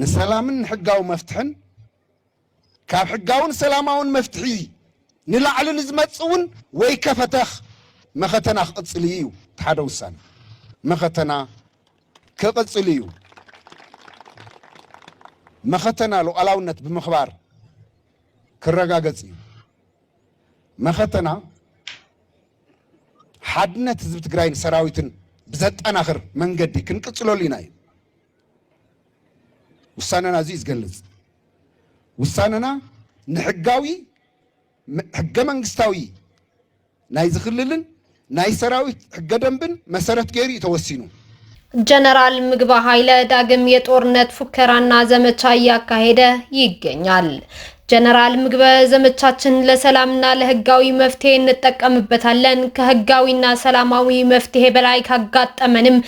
ንሰላምን ሕጋዊ መፍትሕን ካብ ሕጋውን ሰላማውን መፍትሒ ንላዕሊ ንዝመፅ እውን ወይ ከፈተኽ መኸተና ክቕፅል እዩ እቲ ሓደ ውሳነ መኸተና ክቕፅል እዩ መኸተና ሉዓላውነት ብምኽባር ክረጋገጽ እዩ መኸተና ሓድነት ህዝቢ ትግራይን ሰራዊትን ብዘጠናኽር መንገዲ ክንቅፅለሉ ኢና እዩ ውሳነና እዚ ዝገልፅ ውሳነና ንሕጋዊ ሕገ መንግስታዊ ናይ ዝኽልልን ናይ ሰራዊት ሕገ ደንብን መሰረት ገይሩ እዩ ተወሲኑ። ጀነራል ምግባ ሃይለ ዳግም የጦርነት ፉከራና ዘመቻ እያካሄደ ይገኛል። ጀነራል ምግበ ዘመቻችን ለሰላምና ለህጋዊ መፍትሄ እንጠቀምበታለን፣ ከህጋዊና ሰላማዊ መፍትሄ በላይ ካጋጠመንም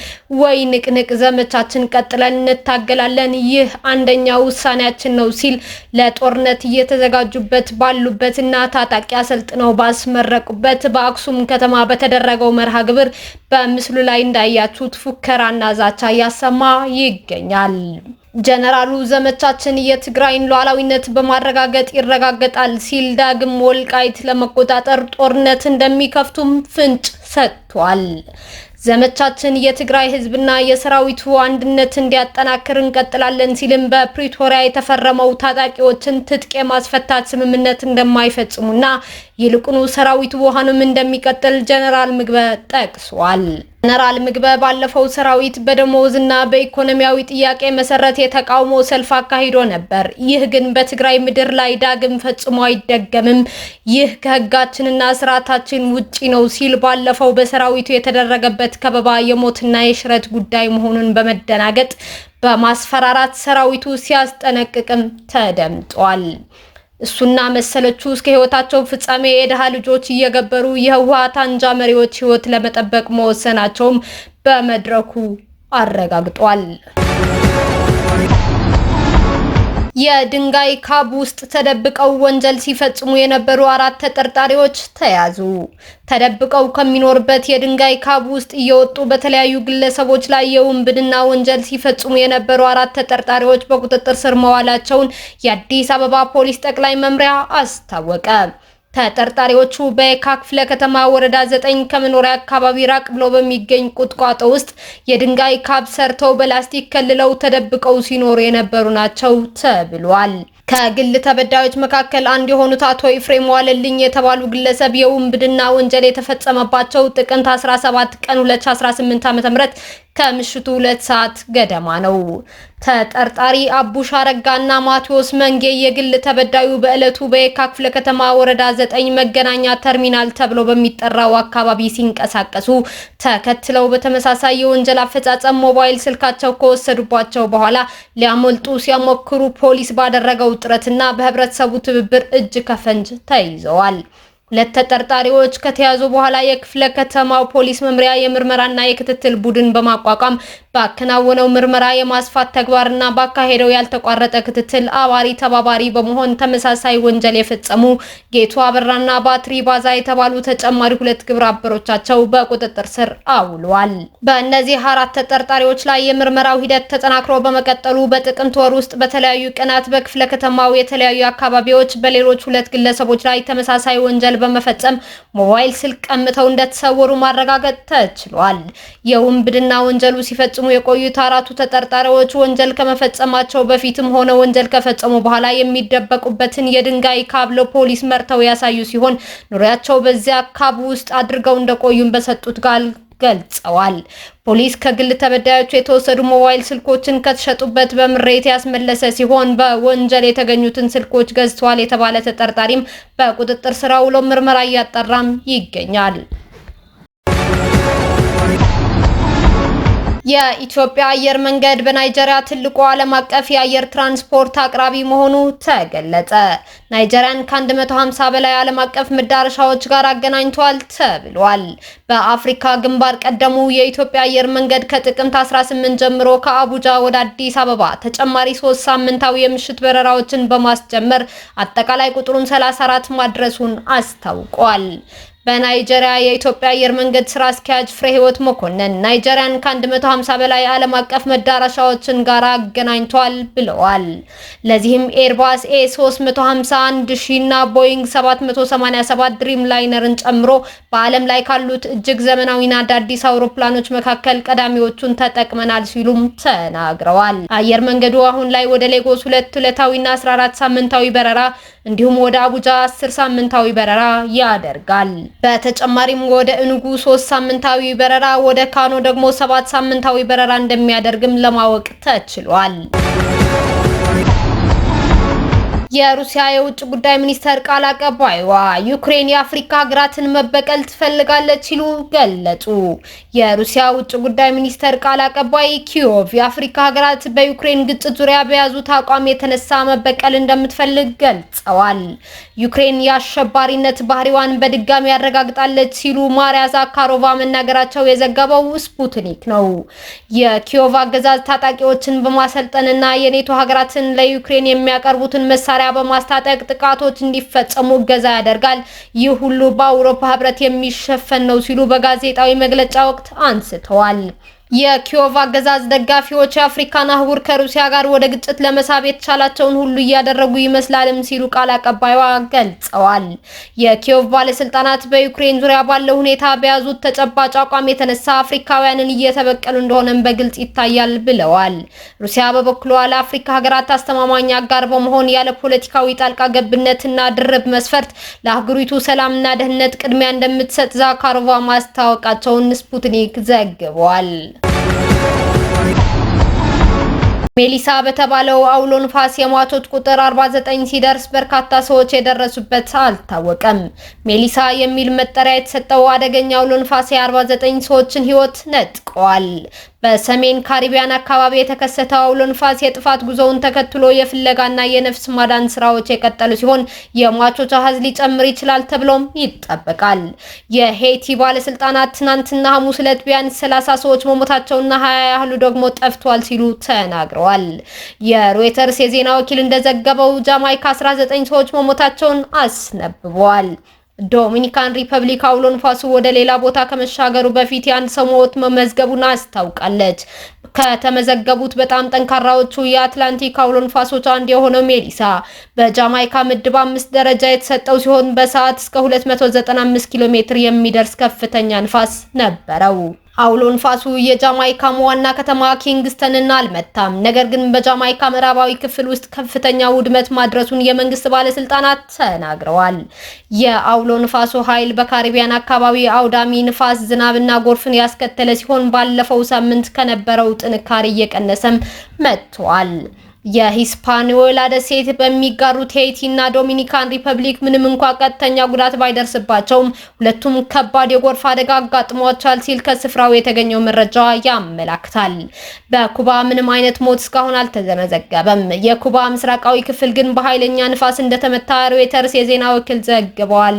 ወይ ንቅንቅ ዘመቻችን ቀጥለን እንታገላለን፣ ይህ አንደኛው ውሳኔያችን ነው ሲል ለጦርነት እየተዘጋጁበት ባሉበትና ታጣቂ አሰልጥነው ባስመረቁበት በአክሱም ከተማ በተደረገው መርሃ ግብር በምስሉ ላይ እንዳያችሁት ፉከራና ዛቻ እያሰማ ይገኛል። ጀነራሉ ዘመቻችን የትግራይን ሉዓላዊነት በማረጋገጥ ይረጋገጣል ሲል ዳግም ወልቃይት ለመቆጣጠር ጦርነት እንደሚከፍቱም ፍንጭ ሰጥቷል። ዘመቻችን የትግራይ ህዝብና የሰራዊቱ አንድነት እንዲያጠናክር እንቀጥላለን ሲልም በፕሪቶሪያ የተፈረመው ታጣቂዎችን ትጥቅ የማስፈታት ስምምነት እንደማይፈጽሙና ይልቁኑ ሰራዊቱ ውሃንም እንደሚቀጥል ጀነራል ምግበ ጠቅሷል። ጀነራል ምግበ ባለፈው ሰራዊት በደሞዝና በኢኮኖሚያዊ ጥያቄ መሰረት የተቃውሞ ሰልፍ አካሂዶ ነበር። ይህ ግን በትግራይ ምድር ላይ ዳግም ፈጽሞ አይደገምም፣ ይህ ከህጋችንና ስርዓታችን ውጪ ነው ሲል ባለፈው በሰራዊቱ የተደረገበት ከበባ የሞትና የሽረት ጉዳይ መሆኑን በመደናገጥ በማስፈራራት ሰራዊቱ ሲያስጠነቅቅም ተደምጧል። እሱና መሰለቹ እስከ ህይወታቸው ፍጻሜ የድሃ ልጆች እየገበሩ የህወሓት አንጃ መሪዎች ህይወት ለመጠበቅ መወሰናቸውም በመድረኩ አረጋግጧል። የድንጋይ ካብ ውስጥ ተደብቀው ወንጀል ሲፈጽሙ የነበሩ አራት ተጠርጣሪዎች ተያዙ። ተደብቀው ከሚኖርበት የድንጋይ ካብ ውስጥ እየወጡ በተለያዩ ግለሰቦች ላይ የውንብድና ወንጀል ሲፈጽሙ የነበሩ አራት ተጠርጣሪዎች በቁጥጥር ስር መዋላቸውን የአዲስ አበባ ፖሊስ ጠቅላይ መምሪያ አስታወቀ። ተጠርጣሪዎቹ በየካ ክፍለ ከተማ ወረዳ ዘጠኝ ከመኖሪያ አካባቢ ራቅ ብሎ በሚገኝ ቁጥቋጦ ውስጥ የድንጋይ ካብ ሰርተው በላስቲክ ከልለው ተደብቀው ሲኖሩ የነበሩ ናቸው ተብሏል። ከግል ተበዳዮች መካከል አንድ የሆኑት አቶ ኢፍሬም ዋለልኝ የተባሉ ግለሰብ የውንብድና ወንጀል የተፈጸመባቸው ጥቅምት 17 ቀን 2018 ዓ.ም ከምሽቱ ሁለት ሰዓት ገደማ ነው። ተጠርጣሪ አቡሽ አረጋና ማቴዎስ መንጌ የግል ተበዳዩ በዕለቱ በየካ ክፍለ ከተማ ወረዳ ዘጠኝ መገናኛ ተርሚናል ተብሎ በሚጠራው አካባቢ ሲንቀሳቀሱ ተከትለው በተመሳሳይ የወንጀል አፈጻጸም ሞባይል ስልካቸው ከወሰዱባቸው በኋላ ሊያመልጡ ሲያሞክሩ ፖሊስ ባደረገው ጥረትና በህብረተሰቡ ትብብር እጅ ከፈንጅ ተይዘዋል። ሁለት ተጠርጣሪዎች ከተያዙ በኋላ የክፍለ ከተማው ፖሊስ መምሪያ የምርመራና የክትትል ቡድን በማቋቋም ባከናወነው ምርመራ የማስፋት ተግባርና ባካሄደው ያልተቋረጠ ክትትል አባሪ ተባባሪ በመሆን ተመሳሳይ ወንጀል የፈጸሙ ጌቱ አበራና ባትሪ ባዛ የተባሉ ተጨማሪ ሁለት ግብረ አበሮቻቸው በቁጥጥር ስር አውሏል። በእነዚህ አራት ተጠርጣሪዎች ላይ የምርመራው ሂደት ተጠናክሮ በመቀጠሉ በጥቅምት ወር ውስጥ በተለያዩ ቀናት በክፍለ ከተማው የተለያዩ አካባቢዎች በሌሎች ሁለት ግለሰቦች ላይ ተመሳሳይ ወንጀል በመፈጸም ሞባይል ስልክ ቀምተው እንደተሰወሩ ማረጋገጥ ተችሏል። የውንብድና ወንጀሉ ሲፈጽሙ የቆዩት አራቱ ተጠርጣሪዎች ወንጀል ከመፈጸማቸው በፊትም ሆነ ወንጀል ከፈጸሙ በኋላ የሚደበቁበትን የድንጋይ ካብ ለፖሊስ መርተው ያሳዩ ሲሆን ኑሪያቸው በዚያ ካብ ውስጥ አድርገው እንደቆዩም በሰጡት ቃል ገልጸዋል። ፖሊስ ከግል ተበዳዮቹ የተወሰዱ ሞባይል ስልኮችን ከተሸጡበት በምሬት ያስመለሰ ሲሆን በወንጀል የተገኙትን ስልኮች ገዝተዋል የተባለ ተጠርጣሪም በቁጥጥር ስር ውሎ ምርመራ እያጠራም ይገኛል። የኢትዮጵያ አየር መንገድ በናይጀሪያ ትልቁ ዓለም አቀፍ የአየር ትራንስፖርት አቅራቢ መሆኑ ተገለጸ። ናይጀሪያን ከ150 በላይ ዓለም አቀፍ መዳረሻዎች ጋር አገናኝቷል ተብሏል። በአፍሪካ ግንባር ቀደሙ የኢትዮጵያ አየር መንገድ ከጥቅምት 18 ጀምሮ ከአቡጃ ወደ አዲስ አበባ ተጨማሪ ሶስት ሳምንታዊ የምሽት በረራዎችን በማስጀመር አጠቃላይ ቁጥሩን 34 ማድረሱን አስታውቋል። በናይጀሪያ የኢትዮጵያ አየር መንገድ ስራ አስኪያጅ ፍሬ ህይወት መኮንን ናይጀሪያን ከ150 በላይ ዓለም አቀፍ መዳረሻዎችን ጋር አገናኝቷል ብለዋል። ለዚህም ኤርባስ ኤ351 ሺና ቦይንግ 787 ድሪም ላይነርን ጨምሮ በዓለም ላይ ካሉት እጅግ ዘመናዊና አዳዲስ አውሮፕላኖች መካከል ቀዳሚዎቹን ተጠቅመናል ሲሉም ተናግረዋል። አየር መንገዱ አሁን ላይ ወደ ሌጎስ ሁለት ዕለታዊና 14 ሳምንታዊ በረራ እንዲሁም ወደ አቡጃ 10 ሳምንታዊ በረራ ያደርጋል። በተጨማሪም ወደ እንጉ ሶስት ሳምንታዊ በረራ ወደ ካኖ ደግሞ ሰባት ሳምንታዊ በረራ እንደሚያደርግም ለማወቅ ተችሏል። የሩሲያ የውጭ ጉዳይ ሚኒስተር ቃል አቀባይዋ ዩክሬን የአፍሪካ ሀገራትን መበቀል ትፈልጋለች ሲሉ ገለጹ። የሩሲያ ውጭ ጉዳይ ሚኒስተር ቃል አቀባይ ኪዮቭ የአፍሪካ ሀገራት በዩክሬን ግጭት ዙሪያ በያዙት አቋም የተነሳ መበቀል እንደምትፈልግ ገልጸዋል። ዩክሬን የአሸባሪነት ባህሪዋን በድጋሚ ያረጋግጣለች ሲሉ ማሪያ ዛካሮቫ መናገራቸው የዘገበው ስፑትኒክ ነው። የኪዮቭ አገዛዝ ታጣቂዎችን በማሰልጠንና የኔቶ ሀገራትን ለዩክሬን የሚያቀርቡትን መሳሪያ መሳሪያ በማስታጠቅ ጥቃቶች እንዲፈጸሙ እገዛ ያደርጋል። ይህ ሁሉ በአውሮፓ ህብረት የሚሸፈን ነው ሲሉ በጋዜጣዊ መግለጫ ወቅት አንስተዋል። የኪዮቭ አገዛዝ ደጋፊዎች የአፍሪካን አህጉር ከሩሲያ ጋር ወደ ግጭት ለመሳብ የተቻላቸውን ሁሉ እያደረጉ ይመስላልም ሲሉ ቃል አቀባይዋ ገልጸዋል። የኪዮቭ ባለስልጣናት በዩክሬን ዙሪያ ባለው ሁኔታ በያዙት ተጨባጭ አቋም የተነሳ አፍሪካውያንን እየተበቀሉ እንደሆነም በግልጽ ይታያል ብለዋል። ሩሲያ በበኩሏ ለአፍሪካ ሀገራት አስተማማኝ አጋር በመሆን ያለ ፖለቲካዊ ጣልቃ ገብነትና ድርብ መስፈርት ለአህጉሪቱ ሰላምና ደህንነት ቅድሚያ እንደምትሰጥ ዛካሮቫ ማስታወቃቸውን ስፑትኒክ ዘግቧል። ሜሊሳ በተባለው አውሎ ንፋስ የሟቾች ቁጥር 49 ሲደርስ በርካታ ሰዎች የደረሱበት አልታወቀም። ሜሊሳ የሚል መጠሪያ የተሰጠው አደገኛ አውሎ ንፋስ የ49 ሰዎችን ሕይወት ነጥቀዋል። በሰሜን ካሪቢያን አካባቢ የተከሰተው አውሎ ንፋስ የጥፋት ጉዞውን ተከትሎ የፍለጋና የነፍስ ማዳን ስራዎች የቀጠሉ ሲሆን የሟቾች አሃዝ ሊጨምር ይችላል ተብሎም ይጠበቃል። የሄይቲ ባለስልጣናት ትናንትና ሐሙስ ዕለት ቢያንስ 30 ሰዎች መሞታቸውና 20 ያህሉ ደግሞ ጠፍቷል ሲሉ ተናግረዋል። የሮይተርስ የዜና ወኪል እንደዘገበው ጃማይካ 19 ሰዎች መሞታቸውን አስነብበዋል። ዶሚኒካን ሪፐብሊክ አውሎ ንፋሱ ወደ ሌላ ቦታ ከመሻገሩ በፊት የአንድ ሰው ሞት መመዝገቡን አስታውቃለች። ከተመዘገቡት በጣም ጠንካራዎቹ የአትላንቲክ አውሎ ንፋሶች አንድ የሆነው ሜሊሳ በጃማይካ ምድብ አምስት ደረጃ የተሰጠው ሲሆን በሰዓት እስከ 295 ኪሎ ሜትር የሚደርስ ከፍተኛ ንፋስ ነበረው። አውሎ ንፋሱ የጃማይካም ዋና ከተማ ኪንግስተንን አልመታም። ነገር ግን በጃማይካ ምዕራባዊ ክፍል ውስጥ ከፍተኛ ውድመት ማድረሱን የመንግስት ባለስልጣናት ተናግረዋል። የአውሎ ንፋሱ ኃይል በካሪቢያን አካባቢ አውዳሚ ንፋስ፣ ዝናብና ጎርፍን ያስከተለ ሲሆን ባለፈው ሳምንት ከነበረው ጥንካሬ እየቀነሰም መጥቷል። የሂስፓኒዮላ ደሴት በሚጋሩት ሄይቲና ዶሚኒካን ሪፐብሊክ ምንም እንኳ ቀጥተኛ ጉዳት ባይደርስባቸውም ሁለቱም ከባድ የጎርፍ አደጋ አጋጥሟቸዋል ሲል ከስፍራው የተገኘው መረጃ ያመላክታል። በኩባ ምንም አይነት ሞት እስካሁን አልተመዘገበም። የኩባ ምስራቃዊ ክፍል ግን በኃይለኛ ንፋስ እንደተመታ ሮይተርስ የዜና ወኪል ዘግቧል።